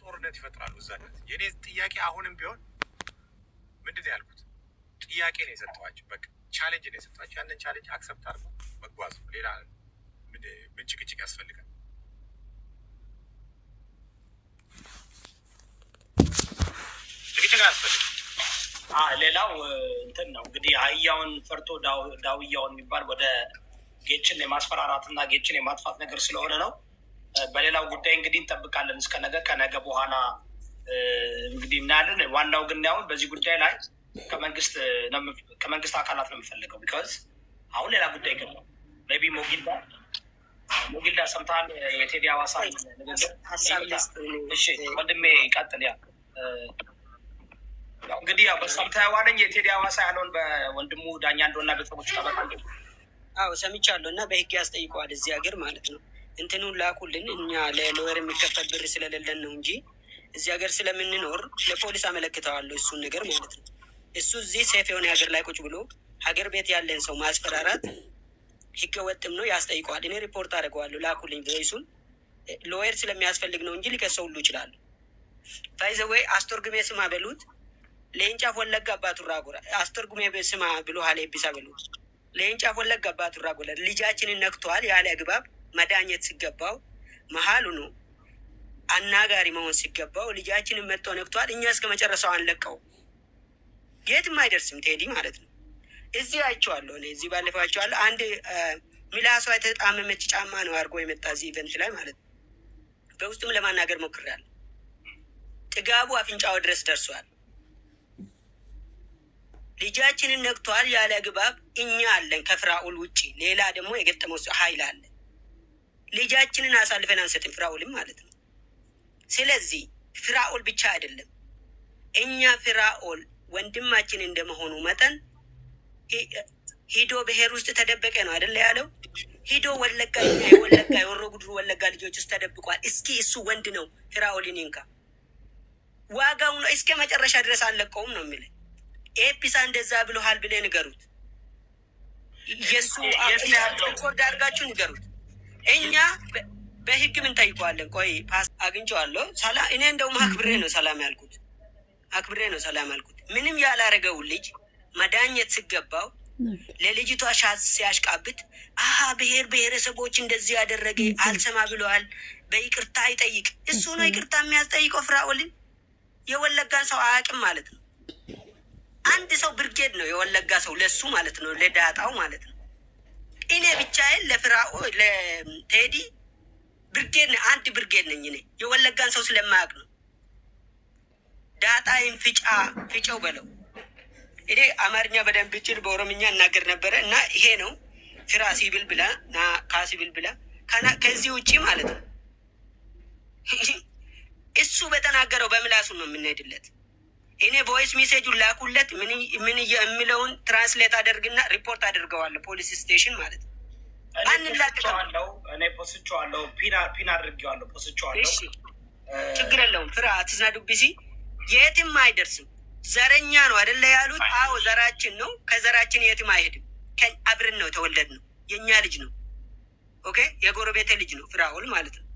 ጦርነት ይፈጥራሉ። እዛ የኔ ጥያቄ አሁንም ቢሆን ምንድን ነው ያልኩት? ጥያቄ ነው የሰጠኋቸው። በቃ ቻሌንጅ ነው የሰጠኋቸው። ያንን ቻሌንጅ አክሰፕት አድርጎ መጓዝ ነው። ሌላ ምን ጭቅጭቅ ያስፈልጋል? ጭቅጭቅ ያስፈልጋል? ሌላው እንትን ነው እንግዲህ አህያውን ፈርቶ ዳውያውን የሚባል ወደ ጌችን የማስፈራራትና ጌችን የማጥፋት ነገር ስለሆነ ነው በሌላው ጉዳይ እንግዲህ እንጠብቃለን እስከ ነገ። ከነገ በኋላ እንግዲህ እናያለን። ዋናው ግን ያሁን በዚህ ጉዳይ ላይ ከመንግስት አካላት ነው የምፈልገው። ቢካዝ አሁን ሌላ ጉዳይ ግን ነው ቢ ሞጊልዳ ሞጊልዳ ሰምታል። የቴዲ ሀዋሳ ወንድሜ ቀጥል። ያ እንግዲህ ያው በሰምተዋለኝ የቴዲ አዋሳ ያለውን በወንድሙ ዳኛ እንደሆና ቤተሰቦች ጠበቃ ሰምቻለሁ እና በህግ ያስጠይቀዋል እዚህ ሀገር ማለት ነው እንትኑን ላኩልን። እኛ ለሎየር የሚከፈል ብር ስለሌለን ነው እንጂ እዚህ ሀገር ስለምንኖር ለፖሊስ አመለክተዋለሁ እሱን ነገር ማለት ነው። እሱ እዚህ ሴፍ የሆነ ሀገር ላይ ቁጭ ብሎ ሀገር ቤት ያለን ሰው ማስፈራራት ህገ ወጥም ነው፣ ያስጠይቀዋል። እኔ ሪፖርት አድርገዋለሁ ላኩልኝ። ቮይሱን ሎየር ስለሚያስፈልግ ነው እንጂ ሊከሰው ሁሉ ይችላሉ። ታይዘዌ አስቶርግሜ ስማ በሉት ለእንጫ ወለጋ አባቱራ ጎራ አስቶርጉሜ ስማ ብሎ ሀሌ ቢሳ በሉት ለእንጫ ወለጋ አባቱራ ጎራ ልጃችንን ነክተዋል ያለ አግባብ መዳኘት ሲገባው መሀሉ ነው አናጋሪ መሆን ሲገባው ልጃችንን መጥቶ ነክቷል። እኛ እስከ መጨረሻው አንለቀው፣ የትም አይደርስም ቴዲ ማለት ነው። እዚህ አይቼዋለሁ እኔ እዚህ ባለፈው አይቼዋለሁ። አንድ ሚላሷ የተጣመመች ጫማ ነው አድርጎ የመጣ እዚህ ኢቨንት ላይ ማለት ነው። በውስጡም ለማናገር ሞክሬያለሁ። ጥጋቡ አፍንጫው ድረስ ደርሷል። ልጃችንን ነክቷል ያለ ግባብ። እኛ አለን ከፍራኡል ውጭ ሌላ ደግሞ የገጠመው ሀይል አለ ልጃችንን አሳልፈን አንሰጥም፣ ፍራኦልም ማለት ነው። ስለዚህ ፍራኦል ብቻ አይደለም፣ እኛ ፍራኦል ወንድማችን እንደመሆኑ መጠን ሂዶ ብሔር ውስጥ ተደበቀ ነው አይደለ ያለው። ሂዶ ወለጋ የወለጋ የወሮ ጉድሩ ወለጋ ልጆች ውስጥ ተደብቋል። እስኪ እሱ ወንድ ነው ፍራኦልን ይንካ፣ ዋጋው ነው እስከ መጨረሻ ድረስ አለቀውም ነው የሚለ ኤፒሳ እንደዛ ብለሃል ብለ ንገሩት። የእሱ ሪኮርድ አድርጋችሁ ንገሩት። እኛ በህግ ምን ጠይቀዋለን? ቆይ ፓስ አግኝቼዋለሁ። ሰላ እኔ እንደውም አክብሬ ነው ሰላም ያልኩት፣ አክብሬ ነው ሰላም ያልኩት። ምንም ያላረገው ልጅ መዳኘት ሲገባው ለልጅቷ ሻት ሲያሽቃብት፣ አሀ ብሔር ብሔረሰቦች እንደዚህ ያደረገ አልሰማ ብለዋል፣ በይቅርታ አይጠይቅ። እሱ ነው ይቅርታ የሚያስጠይቀው። ፍራኦልን የወለጋን ሰው አያውቅም ማለት ነው። አንድ ሰው ብርጌድ ነው የወለጋ ሰው ለሱ ማለት ነው፣ ለዳጣው ማለት ነው። እኔ ብቻዬን ለፍራኦ ለቴዲ ብርጌድ አንድ ብርጌድ ነኝ። እኔ የወለጋን ሰው ስለማያውቅ ነው። ዳጣይን ፍጫ ፍጨው በለው። እኔ አማርኛ በደንብ ችል በኦሮምኛ እናገር ነበረ እና ይሄ ነው ፍራ ሲብል ብላ ና ካሲብል ብላ ከዚህ ውጭ ማለት ነው እሱ በተናገረው በምላሱ ነው የምንሄድለት። እኔ ቮይስ ሜሴጁን ላኩለት። ምን የሚለውን ትራንስሌት አደርግና ሪፖርት አድርገዋለሁ ፖሊስ ስቴሽን ማለት ነው። ፖስቸዋለሁ፣ ፒን አድርጌዋለሁ፣ ፖስቸዋለሁ። ችግር የለውም። ፍራ አትዝናዱብሲ፣ የትም አይደርስም። ዘረኛ ነው አደለ ያሉት? አዎ ዘራችን ነው። ከዘራችን የትም አይሄድም። አብረን ነው የተወለድ ነው። የእኛ ልጅ ነው። ኦኬ የጎረቤቴ ልጅ ነው። ፍራውል ማለት ነው።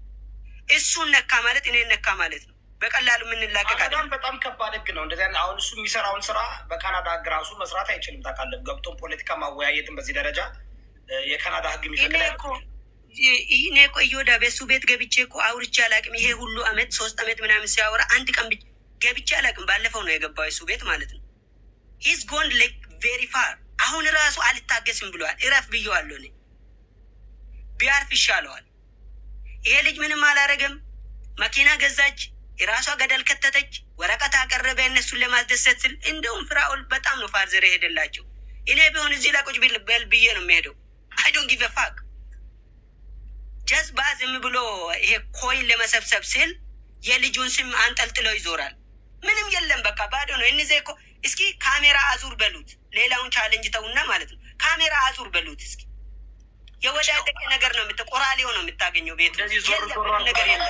እሱን ነካ ማለት እኔ ነካ ማለት ነው። በቀላሉ የምንላቀቅ በጣም ከባድ ህግ ነው እንደዚህ። አሁን እሱ የሚሰራውን ስራ በካናዳ ህግ ራሱ መስራት አይችልም። ታውቃለህ፣ ገብቶን ፖለቲካ ማወያየትን በዚህ ደረጃ የካናዳ ህግ የሚፈቅድ እኔ እኮ እዮዳ በሱ ቤት ገብቼ እኮ አውርቼ አላቅም። ይሄ ሁሉ አመት ሶስት አመት ምናምን ሲያወራ አንድ ቀን ገብቼ አላቅም። ባለፈው ነው የገባው የሱ ቤት ማለት ነው። ሂዝ ጎን ላይክ ቬሪ ፋር። አሁን ራሱ አልታገስም ብለዋል። እረፍ ብየዋለሁ እኔ። ቢያርፍ ይሻለዋል። ይሄ ልጅ ምንም አላረገም። መኪና ገዛች የራሷ ገደል ከተተች። ወረቀት አቀረበ እነሱን ለማስደሰት ስል። እንደውም ፍራኦል በጣም ነው ፋርዘር የሄደላቸው። እኔ ቢሆን እዚህ ላይ ቁጭ ብል ብዬ ነው የሚሄደው። አይዶን ጊቭ ፋክ ጀዝባ ዝም ብሎ ይሄ ኮይን ለመሰብሰብ ስል የልጁን ስም አንጠልጥለው ይዞራል። ምንም የለም፣ በቃ ባዶ ነው። እኒዜ እኮ እስኪ ካሜራ አዙር በሉት። ሌላውን ቻለንጅ ተውና ማለት ነው። ካሜራ አዙር በሉት እስኪ የወዳደቀ ነገር ነው የምትቆራሌው ነው የምታገኘው ቤት ነገር የለም።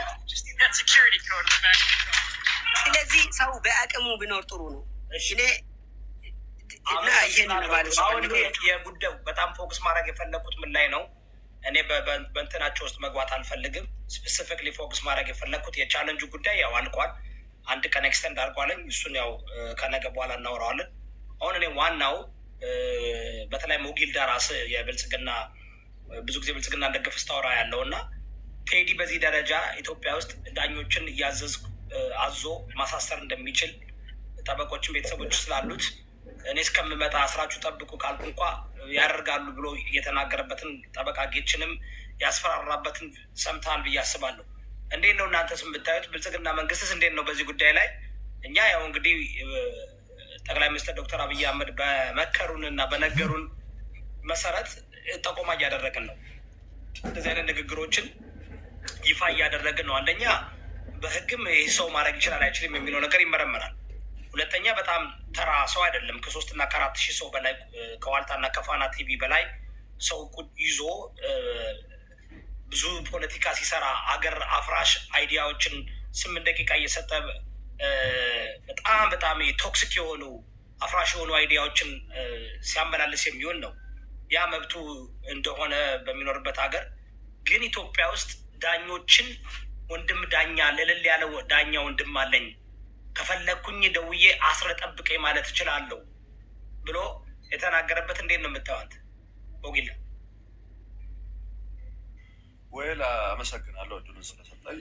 ስለዚህ ሰው በአቅሙ ቢኖር ጥሩ ነው። እኔ የጉዳዩ በጣም ፎክስ ማድረግ የፈለግኩት ምን ላይ ነው? እኔ በእንትናቸው ውስጥ መግባት አልፈልግም። ስፔሲፊክሊ ፎክስ ማድረግ የፈለግኩት የቻለንጁ ጉዳይ ያው አልቋል። አንድ ቀን ኤክስተንድ አድርጓለኝ። እሱን ያው ከነገ በኋላ እናወራዋለን። አሁን እኔ ዋናው በተለይ ሞጊልዳ ራስ የብልጽግና ብዙ ጊዜ ብልጽግና እንደገፍ ስታወራ ያለው እና ቴዲ በዚህ ደረጃ ኢትዮጵያ ውስጥ ዳኞችን እያዘዝ አዞ ማሳሰር እንደሚችል ጠበቆችን ቤተሰቦች ስላሉት እኔ እስከምመጣ ስራችሁ ጠብቁ ካልኩ እንኳ ያደርጋሉ ብሎ የተናገረበትን ጠበቃ ጌችንም ያስፈራራበትን ሰምታል ብዬ አስባለሁ። እንዴት ነው እናንተስ የምታዩት? ብልጽግና መንግስትስ እንዴት ነው በዚህ ጉዳይ ላይ? እኛ ያው እንግዲህ ጠቅላይ ሚኒስትር ዶክተር አብይ አህመድ በመከሩን እና በነገሩን መሰረት ጠቆማ እያደረግን ነው። እንደዚህ አይነት ንግግሮችን ይፋ እያደረግን ነው። አንደኛ በህግም ይህ ሰው ማድረግ ይችላል አይችልም የሚለው ነገር ይመረመራል። ሁለተኛ በጣም ተራ ሰው አይደለም። ከሶስትና ከአራት ሺህ ሰው በላይ ከዋልታና ከፋና ቲቪ በላይ ሰው ይዞ ብዙ ፖለቲካ ሲሰራ አገር አፍራሽ አይዲያዎችን ስምንት ደቂቃ እየሰጠ በጣም በጣም ቶክሲክ የሆኑ አፍራሽ የሆኑ አይዲያዎችን ሲያመላልስ የሚሆን ነው። ያ መብቱ እንደሆነ በሚኖርበት ሀገር ግን ኢትዮጵያ ውስጥ ዳኞችን ወንድም ዳኛ ልልል ያለ ዳኛ ወንድም አለኝ ከፈለግኩኝ ደውዬ አስረ ጠብቄ ማለት እችላለሁ ብሎ የተናገረበት እንዴት ነው የምታዩት? ቦጊላ ወይል አመሰግናለሁ እድሉን ስለሰጣኝ።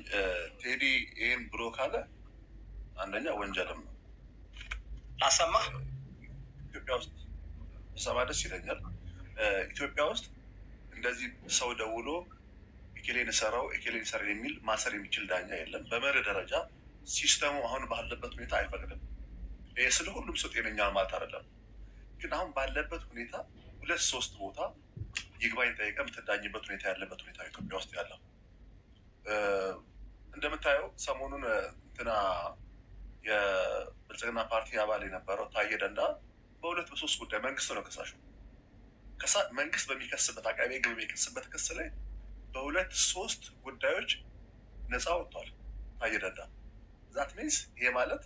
ቴዲ ይህን ብሎ ካለ አንደኛ ወንጀልም ነው። ላሰማ ኢትዮጵያ ውስጥ ሰማ ደስ ይለኛል። ኢትዮጵያ ውስጥ እንደዚህ ሰው ደውሎ ኤኬሌን ሰራው እኬሌን ሰራ የሚል ማሰር የሚችል ዳኛ የለም። በመርህ ደረጃ ሲስተሙ አሁን ባለበት ሁኔታ አይፈቅድም። ይህ ስለ ሁሉም ሰው ጤነኛ ማለት አይደለም፣ ግን አሁን ባለበት ሁኔታ ሁለት ሶስት ቦታ ይግባኝ ጠይቀ የምትዳኝበት ሁኔታ ያለበት ሁኔታ ኢትዮጵያ ውስጥ ያለው እንደምታየው ሰሞኑን እንትና የብልጽግና ፓርቲ አባል የነበረው ታየ ደንዳ በሁለት በሶስት ጉዳይ መንግስት ነው ከሳሹ መንግስት በሚከስበት አቃቤ ሕግ በሚከስበት ክስ ላይ በሁለት ሶስት ጉዳዮች ነፃ ወጥቷል። አየረዳ ዛት ሚንስ ይሄ ማለት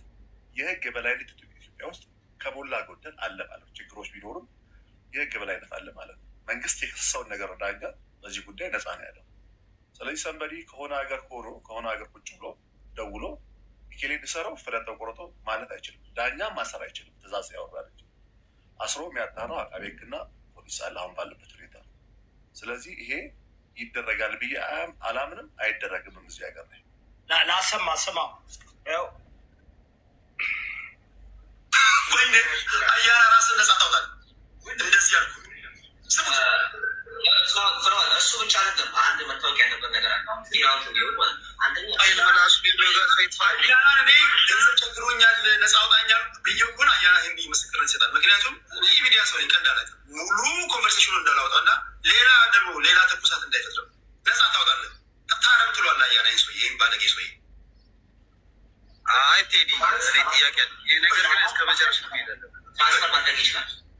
የህግ የበላይነት ኢትዮጵያ ውስጥ ከሞላ ጎደል አለ ማለት ችግሮች ቢኖሩም የህግ የበላይነት አለ ማለት ነው። መንግስት የከሰሰውን ነገር ዳኛ በዚህ ጉዳይ ነፃ ነው ያለው። ስለዚህ ሰንበዲ ከሆነ ሀገር ሆኖ ከሆነ ሀገር ቁጭ ብሎ ደውሎ ኬሌ እንዲሰራው ፍለጠ ቆርጦ ማለት አይችልም። ዳኛ ማሰር አይችልም። ትእዛዝ ያወራለች አስሮ የሚያጣራው አቃቤ ህግና ይሳል አሁን ባለበት ሁኔታ። ስለዚህ ይሄ ይደረጋል ብዬ አላምንም፣ አይደረግም። እዚህ ሀገር ላይ ላሰማ ስማ ወይ አያራ ራስን ነጻ ታውጣል እንደዚህ ያልኩ ስሙት እሱ ብቻ አይደለም። አንድ መታወቅ ያለበት ነገር አለ። ይሰጣል። ምክንያቱም የሚዲያ ሰው ነኝ። ቀልድ ሙሉ ኮንቨርሴሽኑ እንዳላወጣ እና ሌላ ደግሞ ሌላ ትኩሳት እንዳይፈጥረው ነፃ ታውጣለህ። ታረም ትሏል። አያናኝ ሰውዬ፣ ይህም ባለጌ ሰውዬ። አይ ቴዲ፣ ጥያቄ ይህ ነገር ግን እስከ መጨረሻ ይሄዳለን ማሰብ ይችላል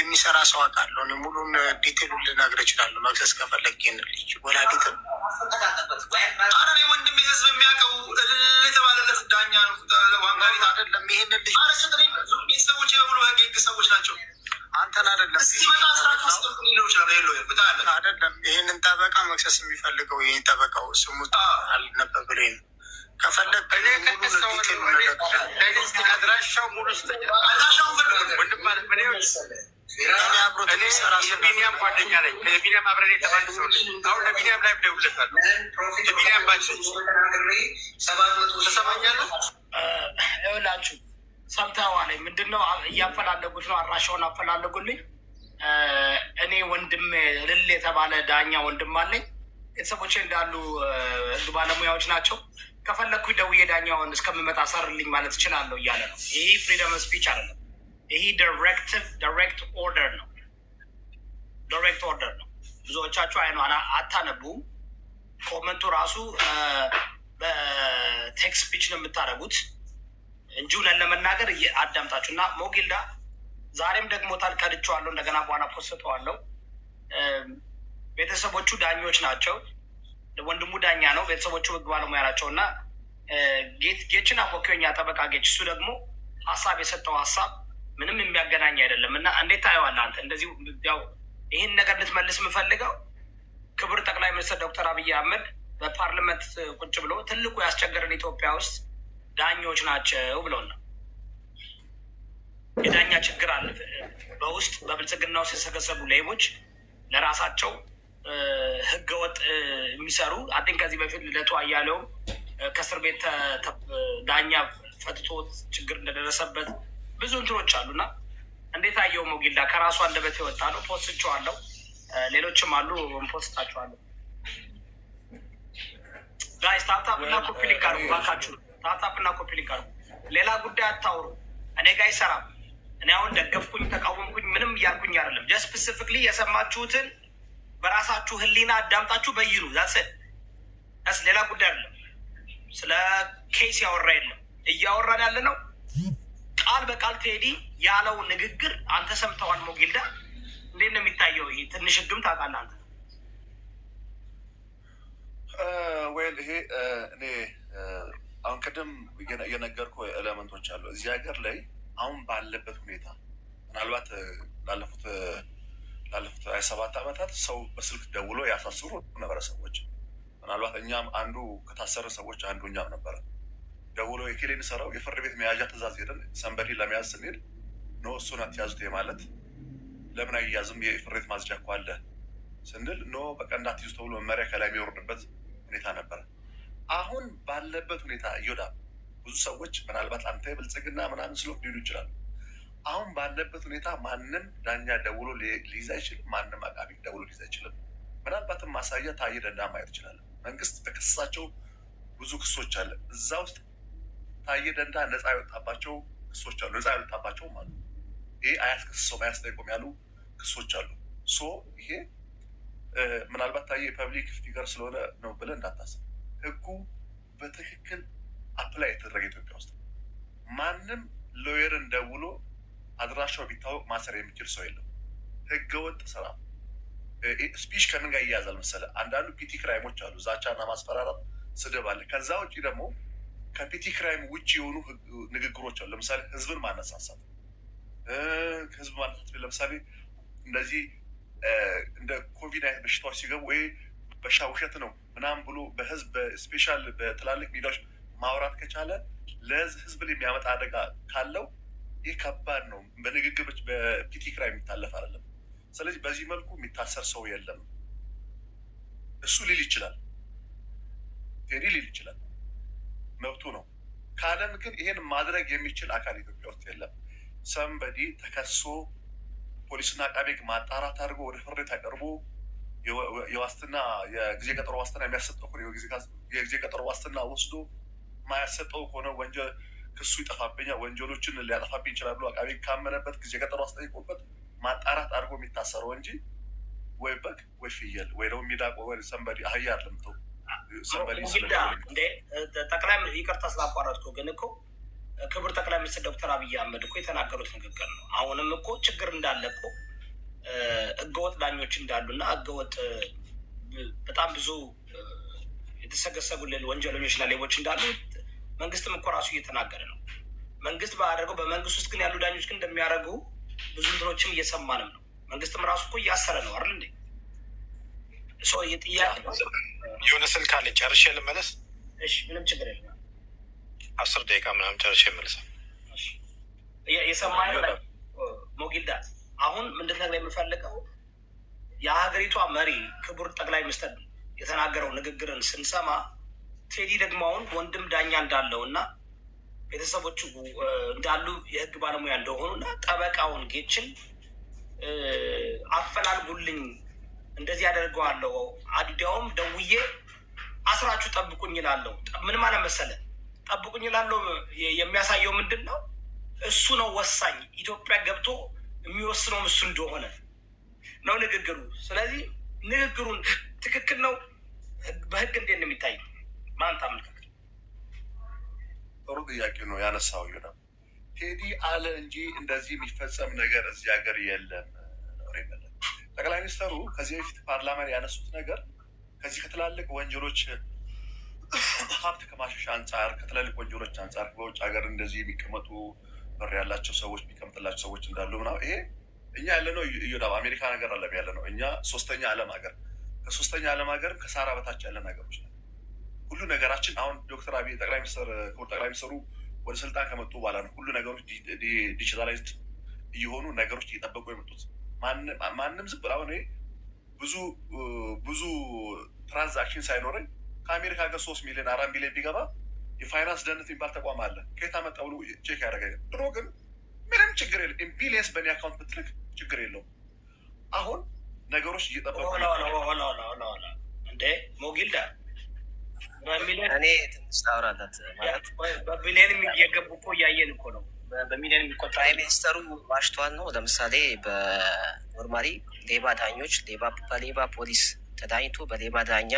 የሚሰራ ሰው አውቃለሁ። ሙሉን ዲቴሉን ልነግር እችላለሁ። መክሰስ ከፈለግ ልጅ ወላዲት ወንድም የህዝብ የሚያውቀው የተባለለት ዳኛ ነው። አደለም ልጅ ሰዎች ናቸው። አንተን አደለም አደለም ይህንን ጠበቃ መክሰስ የሚፈልገው ይህን ጠበቃው ስሙ አልነበብልኝ ነው ከፈለግ ሙሉ ምን የቢኒያም ጓደኛ ነኝ። ከቢኒያም አብረን የተባለ ሰው ነኝ። አሁን ለቢኒያም ላይ ደውለታለሁ። ለቢኒያም ባቸው ተሰማኛለሁ። ይኸውላችሁ ሰምተዋል። ምንድን ነው እያፈላለጉት ነው፣ አራሻውን አፈላለጉልኝ። እኔ ወንድም ልል የተባለ ዳኛ ወንድም አለኝ። ቤተሰቦች እንዳሉ ህግ ባለሙያዎች ናቸው። ከፈለግኩ ደውዬ ዳኛውን እስከምመጣ ሰርልኝ ማለት እችላለሁ እያለ ነው። ይህ ፍሪደም ስፒች አይደለም። ይሄ ዳይሬክቲቭ ዳይሬክት ኦርደር ነው። ዳይሬክት ኦርደር ነው። ብዙዎቻችሁ አይነ አታነቡም። ኮመንቱ ራሱ በቴክስት ስፒች ነው የምታደርጉት እንጂ ለን ለመናገር አዳምጣችሁ እና ሞጊልዳ ዛሬም ደግሞ ታልቀድቸዋለሁ እንደገና በኋላ ፖስተዋለሁ። ቤተሰቦቹ ዳኞች ናቸው። ወንድሙ ዳኛ ነው። ቤተሰቦቹ ህግ ባለሙያ ናቸው እና ጌችን አወኪኛ ጠበቃ ጌች እሱ ደግሞ ሀሳብ የሰጠው ሀሳብ ምንም የሚያገናኝ አይደለም። እና እንዴት ታየዋለህ አንተ? እንደዚሁ ያው ይህን ነገር ልትመልስ የምፈልገው ክቡር ጠቅላይ ሚኒስትር ዶክተር አብይ አህመድ በፓርላመንት ቁጭ ብሎ ትልቁ ያስቸገረን ኢትዮጵያ ውስጥ ዳኞች ናቸው ብሎ ነው። የዳኛ ችግር አለ በውስጥ በብልጽግና ውስጥ የሰገሰቡ ሌቦች ለራሳቸው ህገወጥ የሚሰሩ አን ከዚህ በፊት ልደቱ አያሌውም ከእስር ቤት ዳኛ ፈትቶ ችግር እንደደረሰበት ብዙ እንትኖች አሉና እንዴት አየው ሞጊላ ከራሱ አንደበት የወጣ ነው። ፖስትቸዋለሁ። ሌሎችም አሉ ፖስታቸዋለሁ። ጋይስ ታፕታፕ እና ኮፒ ሊንክ አድርጉ ባካችሁ። ታፕታፕ እና ኮፒ ሊንክ አድርጉ። ሌላ ጉዳይ አታውሩ። እኔ ጋ አይሰራም። እኔ አሁን ደገፍኩኝ ተቃወምኩኝ ምንም እያልኩኝ አይደለም። ጀስት ስፔሲፊክሊ የሰማችሁትን በራሳችሁ ህሊና አዳምጣችሁ በይሉ ዛስ ስ ሌላ ጉዳይ አይደለም። ስለ ኬስ ያወራ የለም እያወራን ያለ ነው ቃል በቃል ቴዲ ያለው ንግግር አንተ ሰምተዋል። ሞጌልዳ እንዴት ነው የሚታየው? ይህ ትንሽ ህግም ታውቃለህ አንተ ወይል ይሄ እኔ አሁን ቅድም የነገርኩ ኤሌመንቶች አሉ እዚህ ሀገር ላይ አሁን ባለበት ሁኔታ ምናልባት ላለፉት ላለፉት ሀያ ሰባት ዓመታት ሰው በስልክ ደውሎ ያሳስሩ ነበረ ሰዎች ምናልባት እኛም አንዱ ከታሰረ ሰዎች አንዱ እኛም ነበረ ደውሎ የኬሌን የሚሰራው የፍርድ ቤት መያዣ ትእዛዝ ሄደን ሰንበዴ ለመያዝ ስንሄድ ኖ እሱን አትያዙት ማለት ለምን አይያዝም? የፍርድ ቤት ማዝጃ እኮ አለ ስንል ኖ በቃ እንዳትይዙ ተብሎ መመሪያ ከላይ የሚወርድበት ሁኔታ ነበረ። አሁን ባለበት ሁኔታ እዮዳ ብዙ ሰዎች ምናልባት አንተ ብልጽግና ምናምን ስሎ ሊሉ ይችላሉ። አሁን ባለበት ሁኔታ ማንም ዳኛ ደውሎ ሊይዝ አይችልም። ማንም አቃቢ ደውሎ ሊይዝ አይችልም። ምናልባትም ማሳያ ታዬ ማየት ይችላል መንግስት በክሳቸው ብዙ ክሶች አለ እዛ ውስጥ ታዬ ደንዳ ነፃ የወጣባቸው ክሶች አሉ። ነፃ የወጣባቸው ማለት ነው። ይሄ አያስከስሰውም አያስጠይቆም ያሉ ክሶች አሉ። ሶ ይሄ ምናልባት ታዬ የፐብሊክ ፊገር ስለሆነ ነው ብለን እንዳታስብ። ህጉ በትክክል አፕላይ የተደረገ ኢትዮጵያ ውስጥ ማንም ሎየርን ደውሎ አድራሻው ቢታወቅ ማሰር የሚችል ሰው የለም። ህገወጥ ስራ ስፒች ከምን ጋር ይያዛል መሰለ? አንዳንዱ ፒቲ ክራይሞች አሉ፣ ዛቻና ማስፈራራት፣ ስድብ አለ። ከዛ ውጭ ደግሞ ከፔቲ ክራይም ውጭ የሆኑ ንግግሮች አሉ። ለምሳሌ ህዝብን ማነሳሳት፣ ህዝብ ማነሳሳት ለምሳሌ እንደዚህ እንደ ኮቪድ አይነት በሽታዎች ሲገቡ ወይ በሻ ውሸት ነው ምናምን ብሎ በህዝብ በስፔሻል በትላልቅ ሚዲያዎች ማውራት ከቻለ ለህዝብ ላይ የሚያመጣ አደጋ ካለው ይህ ከባድ ነው። በንግግሮች በፒቲ ክራይ የሚታለፍ አይደለም። ስለዚህ በዚህ መልኩ የሚታሰር ሰው የለም። እሱ ሊል ይችላል፣ ቴሪ ሊል ይችላል። መብቱ ነው ካለን ግን ይሄን ማድረግ የሚችል አካል ኢትዮጵያ ውስጥ የለም። ሰንበዲ ተከሶ ፖሊስና አቃቤ ሕግ ማጣራት አድርጎ ወደ ፍርድ ቤት አቀርቦ የዋስትና የጊዜ ቀጠሮ ዋስትና የሚያሰጠው የጊዜ ቀጠሮ ዋስትና ወስዶ ማያሰጠው ከሆነ ወንጀል ክሱ ይጠፋብኛል፣ ወንጀሎችን ሊያጠፋብኝ ይችላል ብሎ አቃቤ ሕግ ካመነበት ጊዜ ቀጠሮ አስጠይቆበት ማጣራት አድርጎ የሚታሰረው እንጂ ወይ በግ ወይ ፍየል ወይ ደግሞ ሚዳቆ ወይ ሰንበዲ አህያ አይደለም። ጠቅላይ ይቅርታ ስላቋረጥኩ ግን እኮ ክቡር ጠቅላይ ሚኒስትር ዶክተር አብይ አህመድ እኮ የተናገሩት ንግግር ነው። አሁንም እኮ ችግር እንዳለ እኮ ህገወጥ ዳኞች እንዳሉና ህገወጥ በጣም ብዙ የተሰገሰጉልን ወንጀለኞችና ሌቦች እንዳሉ መንግስትም እኮ ራሱ እየተናገረ ነው። መንግስት ባያደርገው በመንግስት ውስጥ ግን ያሉ ዳኞች ግን እንደሚያደርጉ ብዙ እንትኖችም እየሰማንም ነው። መንግስትም ራሱ እኮ እያሰረ ነው አይደል እንዴ? የሆነ ስልክ አለ። ጨርሼ ልመለስ። ምንም ችግር የለም። አስር ደቂቃ ምናምን ጨርሼ መልሳል። የሰማኸው ሞጊልዳ አሁን ምንድን ነገር የምፈልገው የሀገሪቷ መሪ ክቡር ጠቅላይ ሚኒስትር የተናገረው ንግግርን ስንሰማ ቴዲ ደግሞ አሁን ወንድም ዳኛ እንዳለው እና ቤተሰቦቹ እንዳሉ የህግ ባለሙያ እንደሆኑ እና ጠበቃውን ጌችን አፈላልጉልኝ እንደዚህ ያደርገዋለሁ። እንዲያውም ደውዬ አስራችሁ ጠብቁኝ ይላለሁ። ምን ማለት መሰለ ጠብቁኝ ይላለሁ የሚያሳየው ምንድን ነው? እሱ ነው ወሳኝ። ኢትዮጵያ ገብቶ የሚወስነውም እሱ እንደሆነ ነው ንግግሩ። ስለዚህ ንግግሩን ትክክል ነው። በህግ እንዴት ነው የሚታይ? ማንት አመልካከት ጥሩ ጥያቄ ነው ያነሳው። ቴዲ አለ እንጂ እንደዚህ የሚፈጸም ነገር እዚህ ሀገር የለም። ጠቅላይ ሚኒስተሩ ከዚህ በፊት ፓርላማ ያነሱት ነገር ከዚህ ከትላልቅ ወንጀሎች ሀብት ከማሸሽ አንጻር ከትላልቅ ወንጀሎች አንጻር በውጭ ሀገር እንደዚህ የሚቀመጡ በር ያላቸው ሰዎች የሚቀምጥላቸው ሰዎች እንዳሉ ምናምን ይሄ እኛ ያለነው እዮዳብ አሜሪካ ነገር አለም ያለ ነው። እኛ ሶስተኛ ዓለም ሀገር ከሶስተኛ ዓለም ሀገር ከሳራ በታች ያለን ሀገሮች ነው ሁሉ ነገራችን። አሁን ዶክተር አብይ ጠቅላይ ሚኒስትር ክቡር ጠቅላይ ሚኒስትሩ ወደ ስልጣን ከመጡ በኋላ ነው ሁሉ ነገሮች ዲጂታላይዝድ እየሆኑ ነገሮች እየጠበቁ የመጡት። ማንም ዝም ብሎ አሁን ብዙ ብዙ ትራንዛክሽን ሳይኖረኝ ከአሜሪካ ሀገር ሶስት ሚሊዮን አራት ሚሊዮን ቢገባ የፋይናንስ ደህንነት የሚባል ተቋም አለ። ከየት አመጣ ብሎ ቼክ ያደረገ። ድሮ ግን ምንም ችግር የለም። ቢሊየንስ በእኔ አካውንት ብትልክ ችግር የለውም። አሁን ነገሮች እየጠበቁ እንዴ ሞጊልዳ በሚሊዮን እኔ ትንሽ ታወራላት ማለት በቢሊዮን እየገቡ እኮ እያየን እኮ ነው በሚሊዮን የሚቆጠር ሚኒስተሩ ዋሽቷል ነው። ለምሳሌ በኖርማሊ ሌባ ዳኞች በሌባ ፖሊስ ተዳኝቶ በሌባ ዳኛ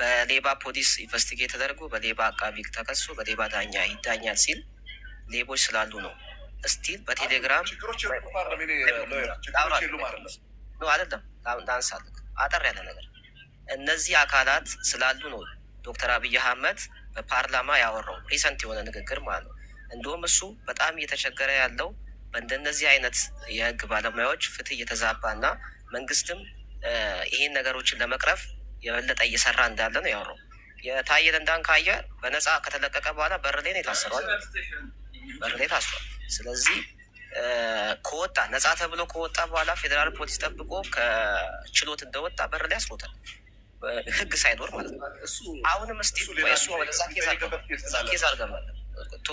በሌባ ፖሊስ ኢንቨስቲጌት ተደርጎ በሌባ አቃቢ ተከሶ በሌባ ዳኛ ይዳኛል ሲል ሌቦች ስላሉ ነው። እስቲል በቴሌግራም አይደለም ዳንሳል አጠር ያለ ነገር እነዚህ አካላት ስላሉ ነው ዶክተር አብይ አህመድ በፓርላማ ያወራው ሪሰንት የሆነ ንግግር ማለት ነው። እንዲሁም እሱ በጣም እየተቸገረ ያለው በእንደነዚህ አይነት የህግ ባለሙያዎች ፍትህ እየተዛባ እና መንግስትም ይህን ነገሮችን ለመቅረፍ የበለጠ እየሰራ እንዳለ ነው ያወራው። የታየ ደንዳን ካየ በነፃ ከተለቀቀ በኋላ በርሌ ነው የታሰሯል፣ በርሌ ታስሯል። ስለዚህ ከወጣ ነፃ ተብሎ ከወጣ በኋላ ፌዴራል ፖሊስ ጠብቆ ከችሎት እንደወጣ በርሌ አስሮታል፣ ህግ ሳይኖር ማለት ነው። አሁንም እስቲ እሱ ወደዛ ኬዝ አልገባለም።